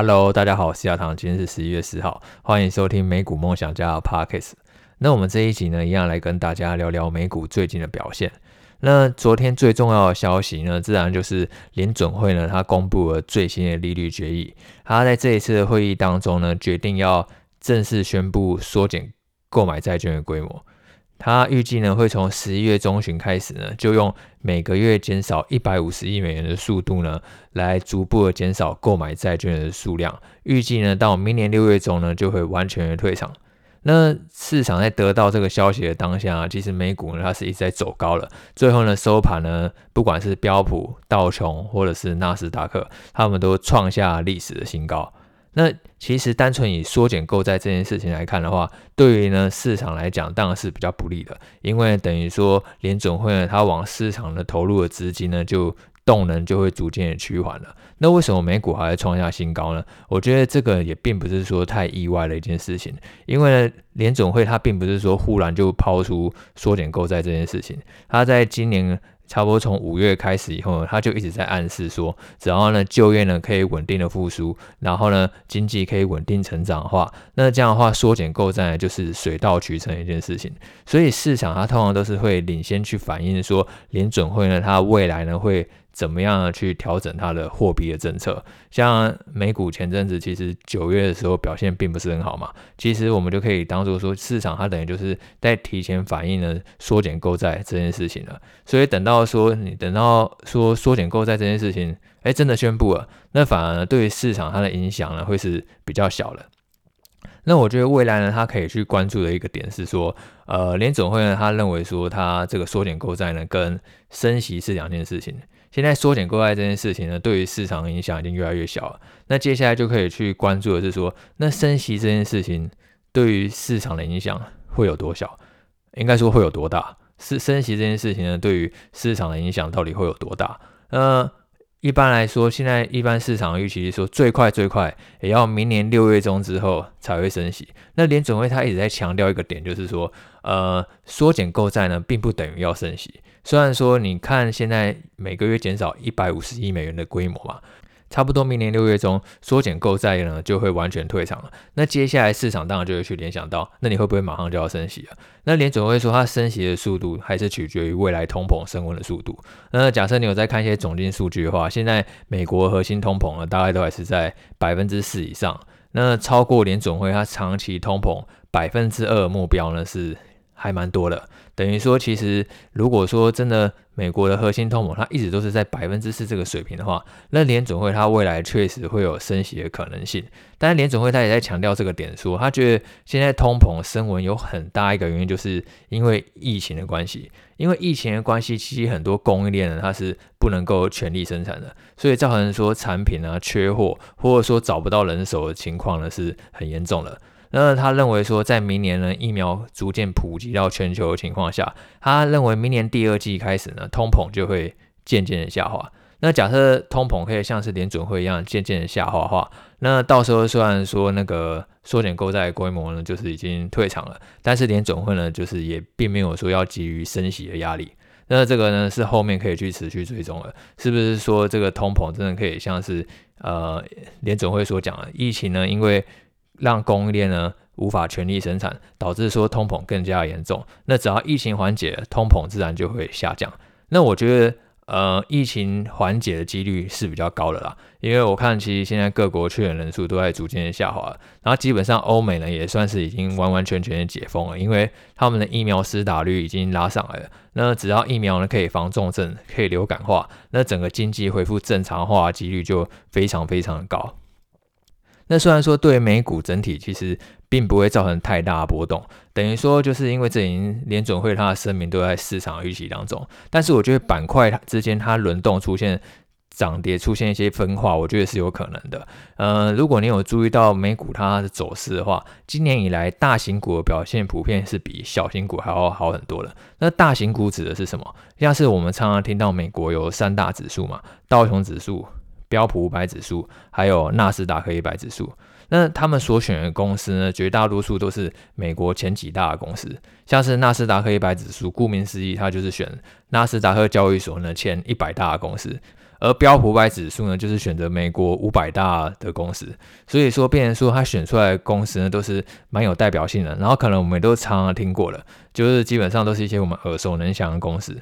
Hello，大家好，我是亞堂，今天是十一月四號，歡迎收聽美股夢想家的 Podcast。那我們這一集呢，一樣來跟大家聊聊美股最近的表現。那昨天最重要的消息呢，自然就是聯準會呢，它公布了最新的利率決議。它在這一次的會議當中呢，決定要正式宣布縮減購買債券的規模。他預計呢，會從十一月中旬開始呢，就用每個月減少一百五十億美元的速度呢，來逐步的減少購買債券的數量。預計呢到明年六月中呢就會完全的退場。那市場在得到這個消息的當下啊，其實美股呢它是一直在走高了。最後呢收盤呢，不管是標普、道瓊或者是納斯達克，他們都創下歷史的新高。那其實單純以縮減購債這件事情來看的話，對於呢市場來講當然是比較不利的，因為等於說聯準會呢它往市場的投入的資金呢就動能就會逐漸的趨緩了。那為什麼美股還在創下新高呢？我覺得這個也並不是說太意外的一件事情，因為呢聯準會它並不是說忽然就拋出縮減購債這件事情，它在今年。差不多從五月開始以後呢，他就一直在暗示說，只要呢就業呢可以穩定的復甦，然後呢經濟可以穩定成長的話，那這樣的話縮減購債就是水到渠成一件事情。所以市場它通常都是會領先去反映說，聯準會呢它未來呢會。怎麼樣去調整它的貨幣的政策？像美股前陣子其實九月的時候表現並不是很好嘛，其實我們就可以當做說市場它等於就是在提前反映了縮減購債這件事情了。所以等到說你等到說縮減購債這件事情，哎，真的宣布了，那反而呢對於市場它的影響呢會是比較小了。那我覺得未來呢，它可以去關注的一個點是說，呃，聯準會呢他認為說它這個縮減購債呢跟升息是兩件事情。現在縮減購債這件事情呢，對於市場影響已經越來越小了。那接下來就可以去關注的是說，那升息這件事情對於市場的影響會有多小？應該說會有多大？是升息這件事情呢，對於市場的影響到底會有多大？那、呃。一般來說，現在一般市場預期說最快最快也要明年六月中之後才會升息。那聯準會他一直在強調一個點，就是說，呃，縮減購債呢並不等於要升息。雖然說你看現在每個月減少一百五十億美元的規模嘛。差不多明年六月中縮減購債呢，就會完全退場了。那接下來市場當然就會去聯想到，那你會不會馬上就要升息了啊？那聯準會說，它升息的速度還是取決於未來通膨升溫的速度。那假設你有在看一些總經數據的話，現在美國核心通膨呢，大概都還是在百分之四以上。那超過聯準會它長期通膨百分之二目標呢，是還蠻多的。等於說，其實如果說真的，美國的核心通膨它一直都是在百分之四這個水平的話，那聯準會它未來確實會有升息的可能性。但是聯準會它也在強調這個點說，說他覺得現在通膨升溫有很大一個原因，就是因為疫情的關係。因為疫情的關係，其實很多供應鏈呢它是不能夠全力生產的，所以造成說產品啊缺貨，或者說找不到人手的情況呢是很嚴重的。那他認為說，在明年呢疫苗逐漸普及到全球的情況下，他認為明年第二季開始呢，通膨就會漸漸的下滑。那假設通膨可以像是聯準會一樣漸漸的下滑的話，那到時候雖然說那個縮減購債規模呢就是已經退場了，但是聯準會呢就是也並沒有說要急於升息的壓力。那這個呢是後面可以去持續追蹤的，是不是說這個通膨真的可以像是呃聯準會所講的，疫情呢因為，讓供應鏈呢無法全力生產，導致說通膨更加嚴重。那只要疫情緩解，通膨自然就會下降。那我覺得，呃，疫情緩解的幾率是比較高的啦，因為我看其實現在各國確診人數都在逐漸的下滑了，然後基本上歐美呢也算是已經完完全全的解封了，因為他們的疫苗施打率已經拉上來了。那只要疫苗呢可以防重症，可以流感化，那整個經濟恢復正常化的幾率就非常非常的高。那雖然說對美股整體其實並不會造成太大的波動，等於說就是因為這聯準會它的聲明都在市場預期當中，但是我覺得板塊它之間它輪動出現漲跌出現一些分化，我覺得是有可能的。嗯、呃，如果你有注意到美股它的走勢的話，今年以來大型股的表現普遍是比小型股還要好，好很多的。那大型股指的是什麼？像是我們常常聽到美國有三大指數嘛，道瓊指數。標普五百指數還有納斯達克一百指數，那他們所選的公司呢，絕大多數都是美國前幾大的公司。像是納斯達克一百指數，顧名思義，它就是選納斯達克交易所呢前一百大的公司；而標普五百指數呢，就是選擇美國五百大的公司。所以說，變成說他選出來的公司呢，都是蠻有代表性的。然後可能我們也都常常聽過了，就是基本上都是一些我們耳熟能詳的公司。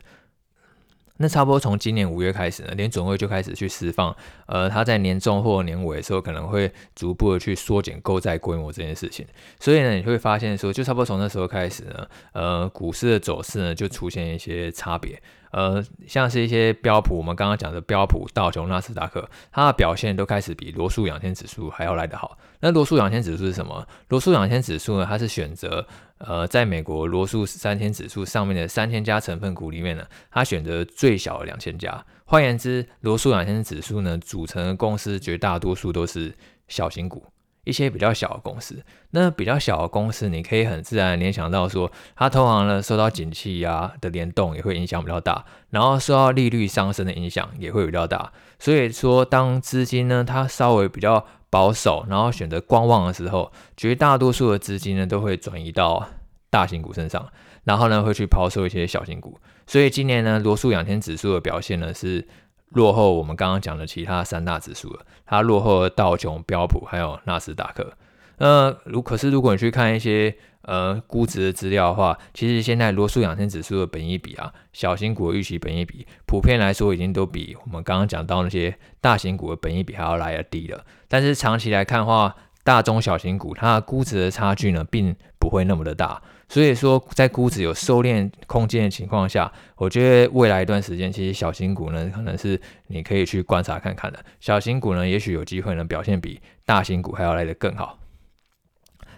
那差不多從今年五月開始呢，聯準會就開始去釋放，呃，他在年中或年尾的時候可能會逐步的去縮減購債規模這件事情，所以呢，你會發現說，就差不多從那時候開始呢，呃，股市的走勢呢就出現一些差別。呃，像是一些標普，我們剛剛講的標普、道瓊、納斯達克，它的表現都開始比羅素兩千指數還要來得好。那羅素兩千指數是什麼？羅素兩千指數呢？它是選擇呃，在美國羅素三千指數上面的三千家成分股裡面呢，它選擇最小的兩千家。換言之，羅素兩千指數呢，組成的公司絕大多數都是小型股。一些比較小的公司，那比較小的公司，你可以很自然聯想到說，它通常呢受到景氣啊的聯動也會影響比較大，然後受到利率上升的影響也會比較大。所以說，當資金呢它稍微比較保守，然後選擇觀望的時候，絕大多數的資金呢都會轉移到大型股身上，然後呢會去拋售一些小型股。所以今年呢羅素兩千指數的表現呢是。落後我們剛剛講的其他三大指數了，它落後的道瓊、標普還有納斯達克。那如可是如果你去看一些呃估值的資料的話，其實現在羅素養生指數的本益比啊，小型股的預期本益比，普遍來說已經都比我們剛剛講到那些大型股的本益比還要來得低了。但是長期來看的話，大中小型股它的估值的差距呢，並不會那麼的大。所以說，在估值有收斂空間的情況下，我覺得未來一段時間，其實小型股呢，可能是你可以去觀察看看的。小型股呢，也許有機會能表現比大型股還要來得更好。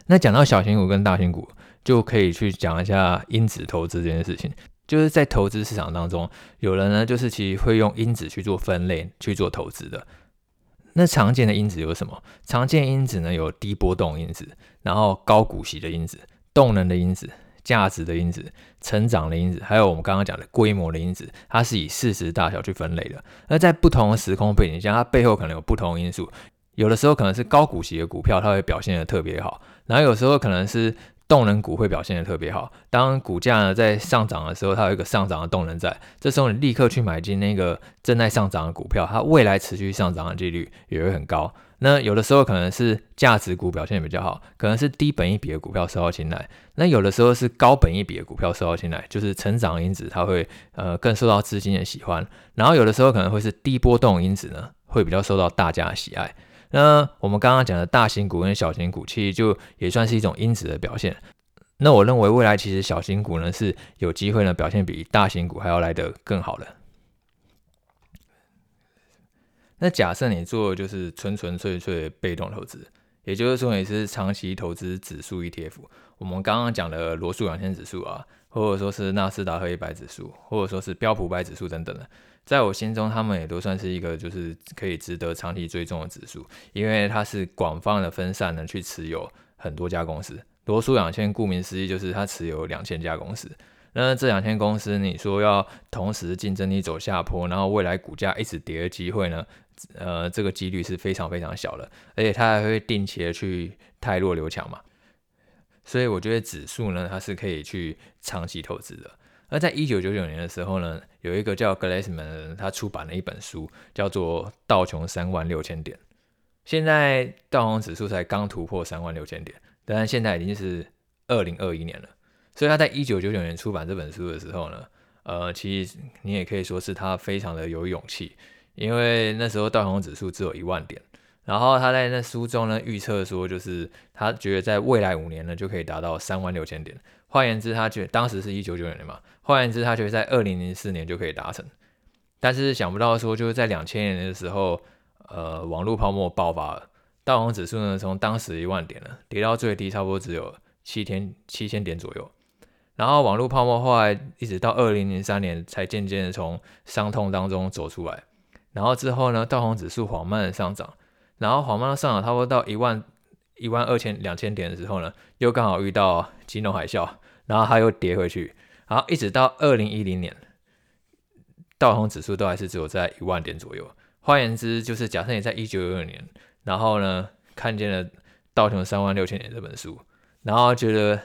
那講到小型股跟大型股，就可以去講一下因子投資這件事情。就是在投資市場當中，有人呢，就是其實會用因子去做分類、去做投資的。那常見的因子有什麼？常見因子呢，有低波動因子，然後高股息的因子。動能的因子、價值的因子、成長的因子，還有我們剛剛講的規模的因子，它是以市值大小去分類的。而在不同的時空背景下，它背後可能有不同的因素。有的時候可能是高股息的股票，它會表現得特別好；然後有時候可能是動能股會表現得特別好。當股價呢在上漲的時候，它有一個上漲的動能在，這時候你立刻去買進那個正在上漲的股票，它未來持續上漲的幾率也會很高。那有的時候可能是價值股表現也比較好，可能是低本益比的股票受到青睞。那有的時候是高本益比的股票受到青睞，就是成長因子它會呃更受到資金的喜歡。然後有的時候可能會是低波動因子呢會比較受到大家的喜愛。那我們剛剛講的大型股跟小型股其實就也算是一種因子的表現。那我認為未來其實小型股呢是有機會呢表現比大型股還要來得更好的。那假設你做的就是純純粹粹的被動投資，也就是說你是長期投資指數 ETF。我們剛剛講的羅素兩千指數啊，或者說是納斯達克一百指數，或者說是標普百指數等等的，在我心中他們也都算是一個就是可以值得長期追蹤的指數，因為它是廣泛的分散的去持有很多家公司。羅素兩千顧名思義就是它持有兩千家公司。那這兩千公司，你說要同時競爭力走下坡，然後未來股價一直跌的機會呢？呃，這個幾率是非常非常小的。而且它還會定期的去汰弱留強嘛，所以我覺得指數呢，它是可以去長期投資的。而在一九九九年的時候呢，有一個叫 Glassman，他出版了一本書，叫做《道瓊三萬六千點》。現在道瓊指數才剛突破三萬六千點，當然現在已經是二零二一年了，所以他在一九九九年出版這本書的時候呢，呃，其實你也可以說是他非常的有勇氣。因為那時候道瓊指數只有一萬點，然後他在那書中呢預測說，就是他覺得在未來五年呢就可以達到三萬六千點。換言之，他覺得當時是一九九九年嘛，換言之，他覺得在二零零四年就可以達成。但是想不到說，就是在兩千年的時候，呃，網絡泡沫爆發了，道瓊指數呢從當時一萬點了跌到最低，差不多只有七千七千點左右。然後網絡泡沫後來一直到二零零三年才漸漸的從傷痛當中走出來。然後之後呢，道瓊指數緩慢的上漲，然後緩慢的上漲，差不多到一萬一萬二千兩千點的時候呢，又剛好遇到金融海嘯，然後它又跌回去，然後一直到二零一零年，道瓊指數都還是只有在一萬點左右。換言之，就是假設你在一九九九年，然後呢，看見了《道瓊三萬六千點》這本書，然後覺得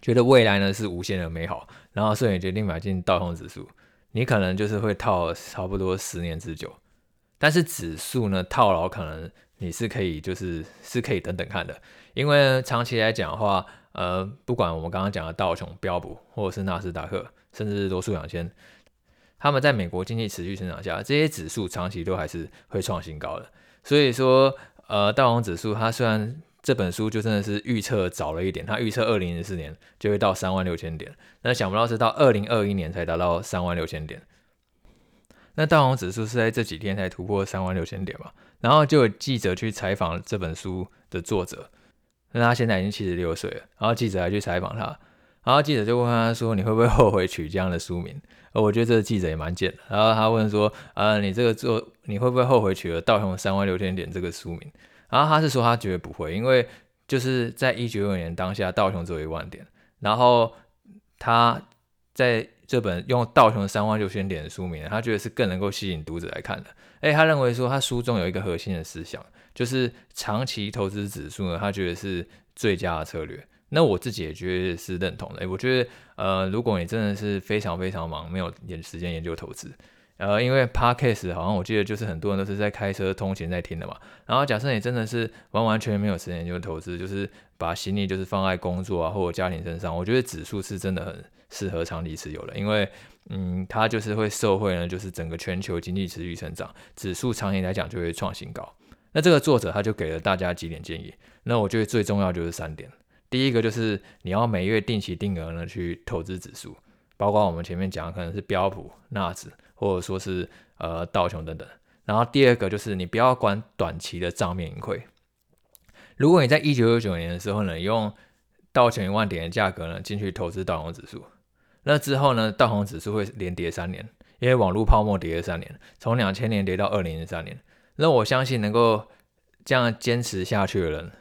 覺得未來呢是無限的美好，然後所以決定買進道瓊指數。你可能就是會套差不多十年之久，但是指數呢，套牢，可能你是可以就是是可以等等看的，因為長期來講的話，呃，不管我們剛剛講的道瓊標普或者是納斯達克，甚至是羅素兩千，他們在美國經濟持續成長下，這些指數長期都還是會創新高的。所以說，呃，道瓊指數它雖然這本書就真的是預測早了一點，他預測二零零四年就會到三萬六千點，那想不到是到二零二一年才達到三萬六千點。那道瓊指數是在這幾天才突破三萬六千點嘛？然後就有記者去採訪這本書的作者，那他現在已經七十六歲了，然後記者還去採訪他，然後記者就問他說：“你會不會後悔取這樣的書名？”我覺得這個記者也蠻賤。然後他問說：“呃，你這個作你會不會後悔取了道瓊三萬六千點這個書名？”然後他是說他絕對不會，因為就是在一九九九年當下道瓊只有一萬點，然後他在這本用道瓊三萬六千點的書名，他覺得是更能夠吸引讀者來看的。哎，他認為說他書中有一個核心的思想，就是長期投資指數呢，他覺得是最佳的策略。那我自己也覺得是認同的。誒，我覺得呃，如果你真的是非常非常忙，沒有點時間研究投資。呃，因為 podcast 好像我記得就是很多人都是在開車通勤在聽的嘛。然後假設你真的是完完全沒有時間就投資，就是把心力就是放在工作啊或者家庭身上，我覺得指數是真的很適合長期持有的，因為嗯，它就是會受惠呢，就是整個全球經濟持續成長，指數長期來講就會創新高。那這個作者他就給了大家幾點建議，那我覺得最重要就是三點，第一個就是你要每月定期定額呢去投資指數，包括我們前面講的可能是標普、納指。或者說是呃道瓊等等，然後第二個就是你不要管短期的賬面盈虧。如果你在一九九九年的時候呢，用道瓊一萬點的價格呢進去投資道瓊指數，那之後呢，道瓊指數會連跌三年，因為網絡泡沫跌了三年，從兩千年跌到二零零三年。那我相信能夠這樣堅持下去的人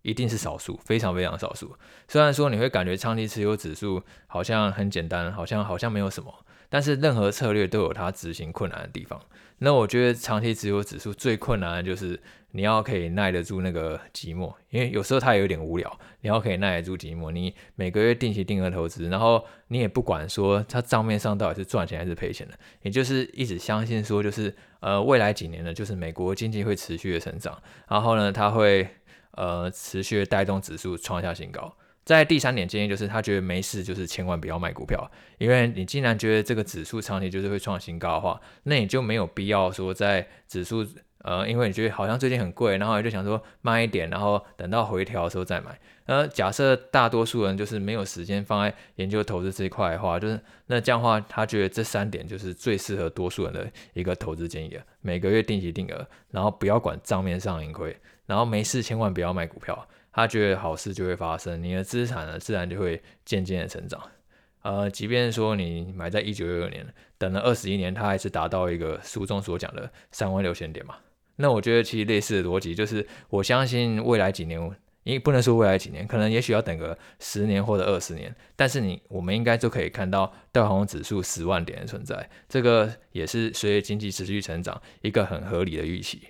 一定是少數，非常非常少數。雖然說你會感覺長期持有指數好像很簡單，好像好像沒有什麼。但是任何策略都有它執行困難的地方。那我覺得長期持有指數最困難的就是你要可以耐得住那個寂寞，因為有時候它也有點無聊。你要可以耐得住寂寞，你每個月定期定額投資，然後你也不管說它賬面上到底是賺錢還是賠錢的，也就是一直相信說就是呃未來幾年呢，就是美國經濟會持續的成長，然後呢它會呃持續的帶動指數創下新高。在第三點建議就是，他覺得沒事，就是千萬不要賣股票，因為你既然覺得這個指數長期就是會創新高的話，那你就沒有必要說在指數呃，因為你覺得好像最近很貴，然後你就想說慢一點，然後等到回調的時候再買。呃，假設大多數人就是沒有時間放在研究投資這一塊的話，就是那這樣的話，他覺得這三點就是最適合多數人的一個投資建議了，每個月定期定額，然後不要管賬面上盈虧，然後沒事千萬不要賣股票。他覺得好事就會發生，你的資產呢，自然就會漸漸的成長。呃，即便說你買在一九六二年，等了二十一年，它還是達到一個書中所講的三萬六千點嘛。那我覺得其實類似的邏輯就是，我相信未來幾年，你不能說未來幾年，可能也許要等個十年或者二十年，但是你我們應該就可以看到道瓊指數十萬點的存在，這個也是隨着經濟持續成長一個很合理的預期。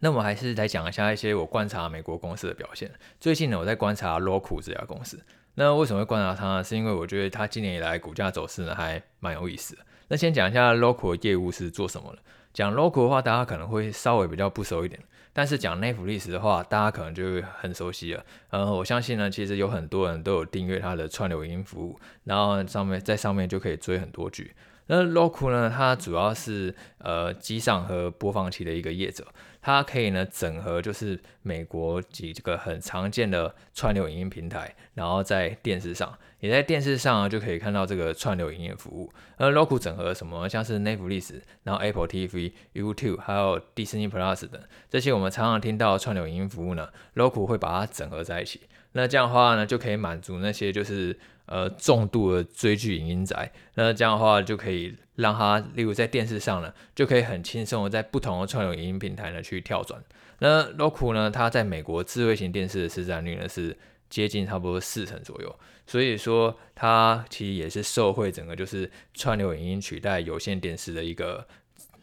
那我們還是來講一下一些我觀察美國公司的表現。最近呢，我在觀察 Roku 這家公司。那為什麼會觀察它呢？是因為我覺得它今年以來股價走勢呢還蠻有意思的。那先講一下 Roku 的業務是做什麼的。講 Roku 的話，大家可能會稍微比較不熟一點，但是講 Netflix 的話，大家可能就會很熟悉了。嗯、呃，我相信呢，其實有很多人都有訂閱它的串流音服務，然後上面在上面就可以追很多劇。那 Roku 呢，它主要是呃機上盒播放器的一個業者。它可以呢整合，就是美國幾這個很常見的串流影音平台，然後在電視上，你在電視上就可以看到這個串流影音服務。而 Roku 整合什麼，像是 Netflix 然後 Apple TV、YouTube，還有 Disney Plus 等這些我們常常聽到串流影音服務呢，Roku 會把它整合在一起。那這樣的話呢，就可以滿足那些就是。呃，重度的追劇影音宅，那這樣的話就可以讓他，例如在電視上呢，就可以很輕鬆的在不同的串流影音平台呢去跳轉。那 Roku 呢，它在美國智慧型電視的市佔率呢是接近差不多四成左右，所以說它其實也是受惠整個就是串流影音取代有線電視的一個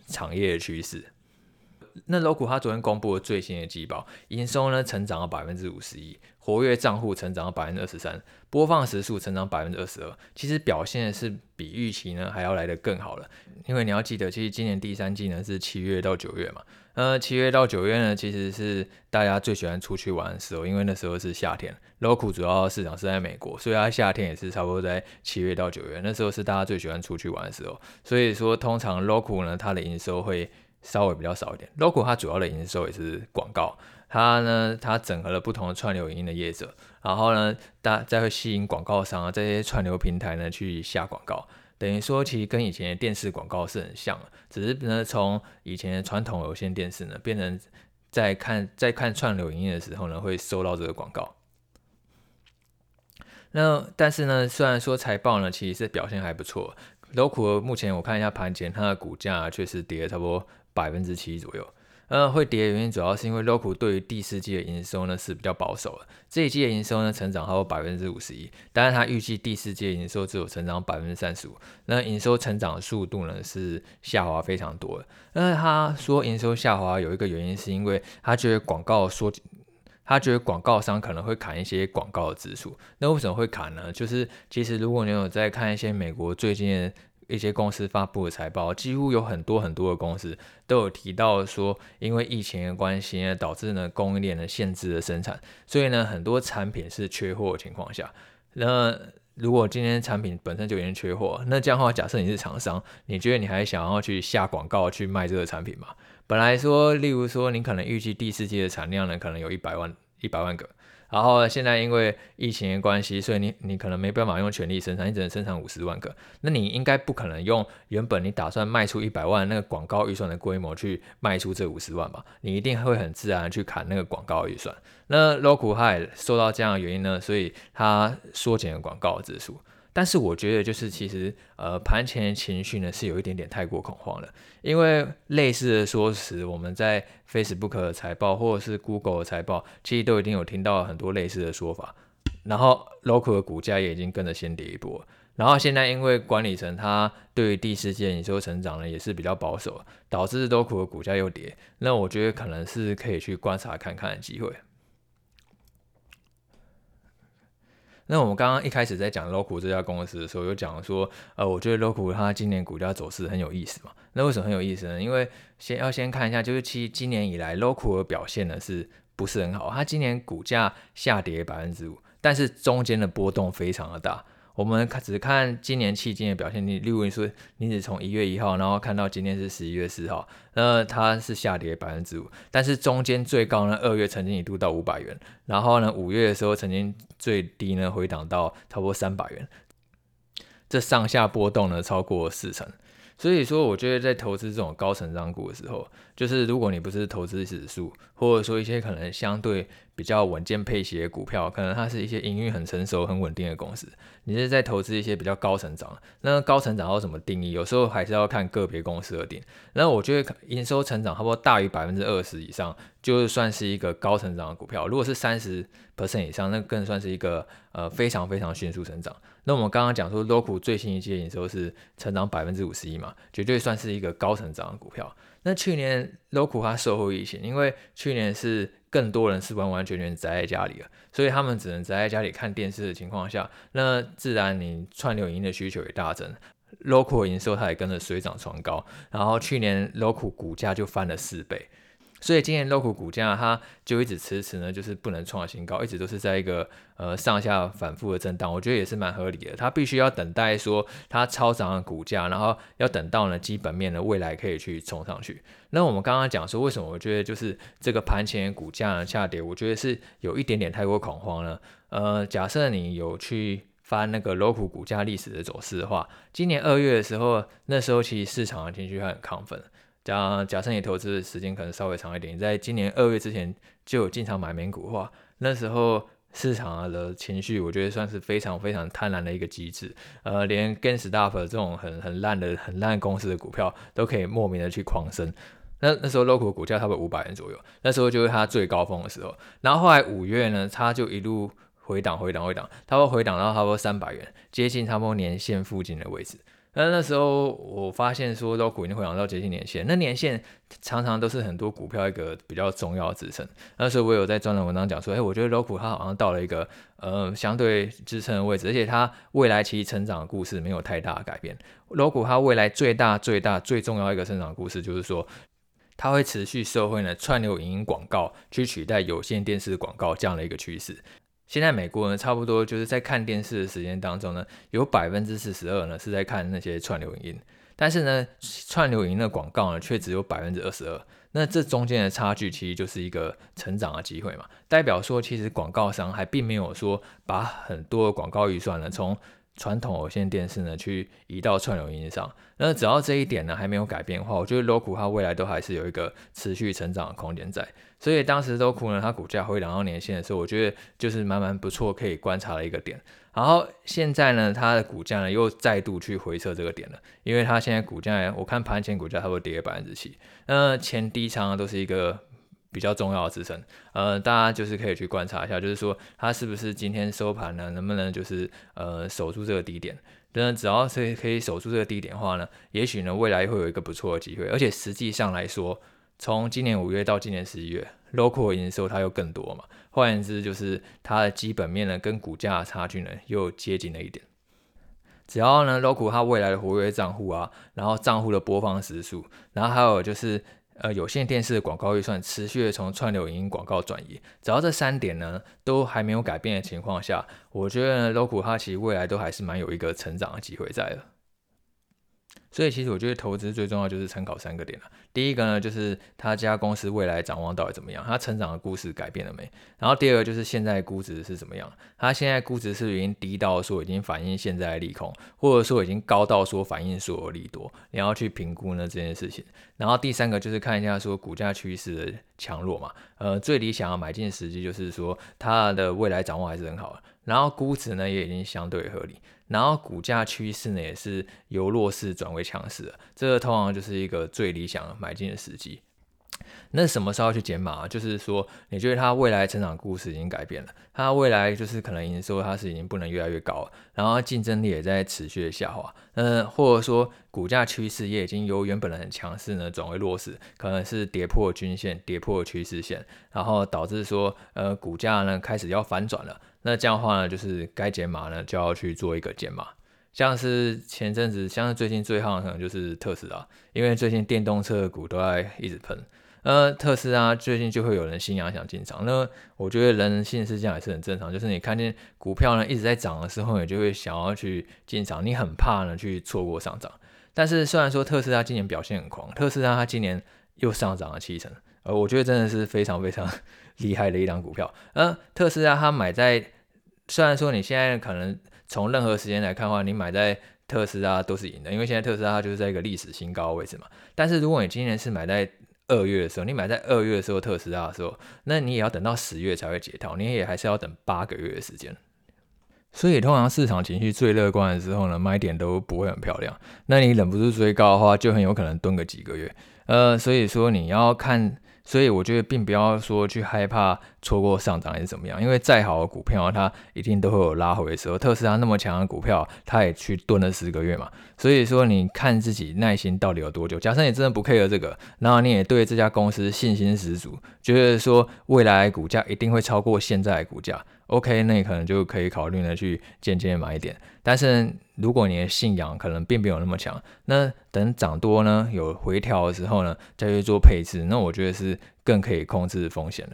產業趨勢。那 Roku 它昨天公布了最新的季報，營收呢成長了百分之五十一。活躍賬戶成長百分之二十三，播放時數成長百分之二十二，其實表現是比預期呢還要來得更好了。因為你要記得，其實今年第三季呢是七月到九月嘛，呃，七月到九月呢其實是大家最喜歡出去玩的時候，因為那時候是夏天。Roku 主要市場是在美國，所以它夏天也是差不多在七月到九月，那時候是大家最喜歡出去玩的時候，所以說通常 Roku 呢它的營收會。稍微比較少一點，ROKU 它主要的營收也是廣告，它呢，它整合了不同的串流影音的業者，然後呢，大再會吸引廣告商啊這些串流平台呢去下廣告，等於說其實跟以前的電視廣告是很像的，只是呢從以前傳統有線電視呢變成在看在看串流影音的時候呢會收到這個廣告。那但是呢，雖然說財報呢其實是表現還不錯 ROKU 目前我看一下盤前它的股價確實跌了差不多。百分之七左右，呃，會跌的原因主要是因為 ROKU 對於第四季的營收呢是比較保守的，這一季的營收呢成長還有百分之五十一，但是它預計第四季營收只有成長百分之三十五，那營收成長的速度呢是下滑非常多的。那他說營收下滑有一個原因是因為他覺得廣告縮，他覺得廣告商可能會砍一些廣告的支出，那為什麼會砍呢？就是其實如果你有在看一些美國最近的。一些公司發布的財報，幾乎有很多很多的公司都有提到說，因為疫情的關係，導致呢供應鏈的限制的生產，所以呢很多產品是缺貨的情況下。那如果今天產品本身就已經缺貨，那這樣的話，假設你是廠商，你覺得你還想要去下廣告去賣這個產品嗎？本來說，例如說，你可能預計第四季的產量呢，可能有一百萬一百萬個。然後現在因為疫情的關係，所以你你可能沒辦法用全力生產，你只能生產五十萬個。那你應該不可能用原本你打算賣出一百萬那個廣告預算的規模去賣出這五十萬吧？你一定會很自然去砍那個廣告預算。那 Roku 受到這樣的原因呢，所以他縮減了廣告的支出。但是我覺得，就是其實，呃，盤前情緒呢是有一點點太過恐慌了，因為類似的說辭，我們在 Facebook 的財報或者是 Google 的財報，其實都已經有聽到很多類似的說法。然後 Roku 的股價也已經跟着先跌一波，然後現在因為管理層他對於第四季營收成長呢也是比較保守，導致 Roku 的股價又跌。那我覺得可能是可以去觀察看看的機會。那我們剛剛一開始在講 ROKU 這家公司的時候，有講說，呃，我覺得 ROKU 它今年股價走勢很有意思嘛。那為什麼很有意思呢？因為先要先看一下，就是其實今年以來 ROKU 的表現呢，是不是很好？它今年股價下跌百分之五，但是中間的波動非常的大。我們看只看今年迄今的表現你例如你說，你只從一月一號，然後看到今天是十一月四號，那它是下跌百分之五，但是中間最高呢，二月曾經一度到五百元，然後呢，五月的時候曾經最低呢，回檔到超過三百元，這上下波動呢超過四成，所以說我覺得在投資這種高成長股的時候，就是如果你不是投資指數。或者說一些可能相對比較穩健配息的股票，可能它是一些營運很成熟、很穩定的公司。你是在投資一些比較高成長，那高成長要怎麼定義？有時候還是要看個別公司而定。那我覺得營收成長差不多大於百分之二十以上，就算是一個高成長的股票。如果是三十 percent 以上，那更算是一個呃非常非常迅速成長。那我們剛剛講說，Roku 最新一季營收是成長百分之五十一嘛，絕對算是一個高成長的股票。那去年 Roku 它受後疫情，因為去去年是更多人是完完全全宅在家裡了，所以他們只能宅在家裡看電視的情況下，那自然你串流影音的需求也大增，ROKU 營收它也跟着水漲船高，然後去年 ROKU 股價就翻了四倍。所以今年 Roku 股價它就一直遲遲呢，就是不能創新高，一直都是在一個呃上下反覆的震盪。我覺得也是蠻合理的，它必須要等待說它超漲的股價，然後要等到呢基本面的未來可以去衝上去。那我們剛剛講說，為什麼我覺得就是這個盤前股價下跌，我覺得是有一點點太過恐慌了。呃，假設你有去翻那個 Roku 股價歷史的走勢的話，今年二月的時候，那時候其實市場的情緒還很亢奮。假假設你投資的時間可能稍微長一點，在今年二月之前就有經常買美股的話，那時候市場的情緒，我覺得算是非常非常貪婪的一個機制。呃，連 GameStop 這種很很爛的很爛公司的股票都可以莫名的去狂升。那那時候 ROKU 股價差不多五百元左右，那時候就是它最高峰的時候。然後後來五月呢，它就一路回檔回檔回檔，它會回檔到差不多三百元，接近差不多年線附近的位置。那那時候我發現說 ROKU 已經回到接近年線。那年線常常都是很多股票一個比較重要的支撐。那時候我有在專欄文章講說，哎、欸，我覺得 ROKU 它好像到了一個呃相對支撐的位置，而且它未來其實成長的故事沒有太大的改變。ROKU 它未來最大、最大、最重要一個成長故事就是說，它會持續社會呢串流影音廣告去取代有線電視廣告這樣的一個趨勢。現在美國人差不多就是在看電視的時間當中呢，有百分之四十二呢是在看那些串流影音，但是呢，串流影音的廣告呢卻只有百分之二十二，那這中間的差距其實就是一個成長的機會嘛，代表說其實廣告商還並沒有說把很多的廣告預算呢從傳統有線電視呢去移到串流影音上，那只要這一點呢還沒有改變的話，我覺得 ROKU 它未來都還是有一個持續成長的空間在。所以當時都哭了，它股價回兩到年線的時候，我覺得就是蠻蠻不錯，可以觀察的一個點。然後現在呢，它的股價呢又再度去回撤這個點了，因為它現在股價，我看盤前股價它會跌百分之七。那前低倉呢都是一個比較重要的支撐，呃，大家就是可以去觀察一下，就是說它是不是今天收盤呢，能不能就是呃守住這個低點。那只要是可以守住這個低點的話呢，也許呢未來會有一個不錯的機會，而且實際上來說。從今年五月到今年十一月，ROKU 營收它又更多嘛，換言之就是它的基本面呢跟股價的差距呢又接近了一點。只要呢 ROKU 它未來的活躍賬戶啊，然後賬戶的播放時數，然後還有就是呃有線電視的廣告預算持續的從串流影音廣告轉移，只要這三點呢都還沒有改變的情況下，我覺得 ROKU 它其實未來都還是蠻有一個成長的機會在的。所以其實我覺得投資最重要就是參考三個點了。第一個呢，就是他家公司未來展望到底怎麼樣，他成長的故事改變了沒？然後第二個就是現在估值，是怎麼樣，他現在估值是不是已經低到說已經反映現在的利空，或者說已經高到說反映所有利多，你要去評估呢這件事情。然後第三個就是看一下說股價趨勢的強弱嘛。呃，最理想要買進的時機就是說它的未來展望還是很好的，然後估值呢也已經相對合理。然後股價趨勢呢，也是由弱勢轉為強勢的。這個通常就是一個最理想買進的時機。那什麼時候去減碼啊就是說，你覺得它未來成長故事已經改變了，它未來就是可能營收它是已經不能越來越高了，然後競爭力也在持續的下滑。嗯，呃，或者說股價趨勢也已經由原本的很強勢呢，轉為弱勢，可能是跌破均線、跌破趨勢線，然後導致說，呃，股價呢開始要反轉了。那這樣的話呢，就是該減碼呢就要去做一個減碼，像是前陣子，像是最近最夯的可能就是特斯拉，因為最近電動車的股都在一直噴，呃，特斯拉最近就會有人心癢想進場。那我覺得人人性是這樣也是很正常，就是你看見股票呢一直在漲的時候，你就會想要去進場，你很怕呢去錯過上漲。但是雖然說特斯拉今年表現很狂，特斯拉它今年又上漲了七成，呃，我覺得真的是非常非常，厲害的一檔股票，呃，特斯拉它買在，雖然說你現在可能從任何時間來看的話，你買在特斯拉都是贏的，因為現在特斯拉它就是在一個歷史新高位置嘛。但是如果你今年是買在二月的時候，你買在二月的時候特斯拉的時候，那你也要等到十月才會解套，你也還是要等八個月的時間。所以通常市場情緒最樂觀的時候呢，買點都不會很漂亮。那你忍不住追高的話，就很有可能蹲個幾個月。呃，所以說你要看。所以我覺得，並不要說去害怕錯過上漲還是怎麼樣，因為再好的股票，它一定都會有拉回的時候。特斯拉那麼強的股票，它也去蹲了十個月嘛。所以說，你看自己耐心到底有多久？假設你真的不 care 這個，然後你也對這家公司信心十足，覺得說未來的股價一定會超過現在的股價，OK，那你可能就可以考慮呢，去漸漸買一點。但是，如果你的信仰可能並沒有那麼強，那等漲多呢？有回調的時候呢，再去做配置，那我覺得是更可以控制風險的。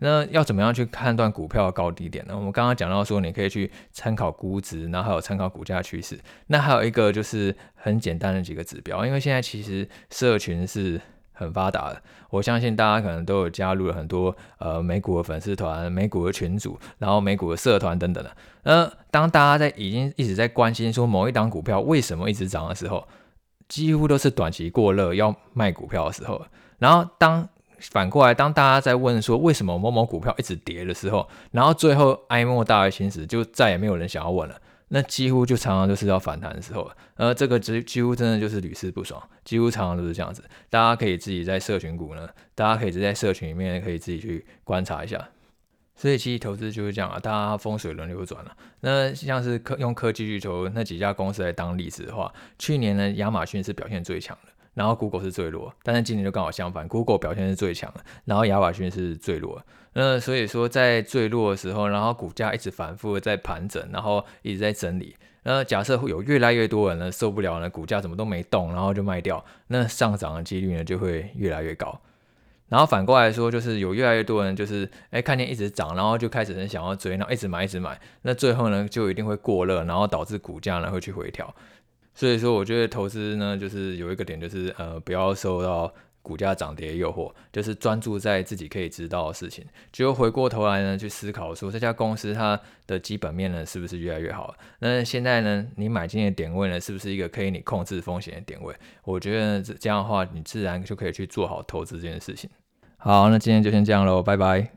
那要怎麼樣去判斷股票的高低點呢？我們剛剛講到說，你可以去參考估值，然後還有參考股價趨勢。那還有一個就是很簡單的幾個指標，因為現在其實社群是。很發達的，我相信大家可能都有加入了很多呃美股的粉絲團、美股的群組，然後美股的社團等等的。呃，當大家在已經一直在關心說某一檔股票為什麼一直漲的時候，幾乎都是短期過熱要賣股票的時候。然後當反過來，當大家在問說為什麼某某股票一直跌的時候，然後最後哀莫大於心死，就再也沒有人想要問了。那幾乎就常常都是要反彈的時候啊，呃，這個幾幾乎真的就是屢試不爽，幾乎常常都是這樣子。大家可以自己在社群股呢，大家可以就在社群裡面可以自己去觀察一下。所以，其實投資就是這樣啊，大家風水輪流轉了啊。那像是科用科技巨頭那幾家公司來當例子的話，去年呢，亞馬遜是表現最強的。然後 Google 是最弱，但是今年就剛好相反，Google 表現是最強的，然後亞馬遜是最弱。那所以說在最弱的時候，然後股價一直反覆的在盤整，然後一直在整理。那假設會有越來越多人呢受不了呢，股價怎麼都沒動，然後就賣掉，那上漲的幾率呢就會越來越高。然後反過來說，就是有越來越多人就是哎看見一直漲，然後就開始想要追，然後一直買一直買，那最後呢就一定會過熱，然後導致股價呢，會去回調。所以說，我覺得投資呢，就是有一個點，就是呃，不要受到股價漲跌的誘惑，就是專注在自己可以知道的事情。只有回過頭來呢，去思考說這家公司它的基本面呢是不是越來越好。那現在呢，你買進的點位呢，是不是一個可以你控制風險的點位？我覺得這這樣的話，你自然就可以去做好投資這件事情。好，那今天就先這樣嘍，拜拜。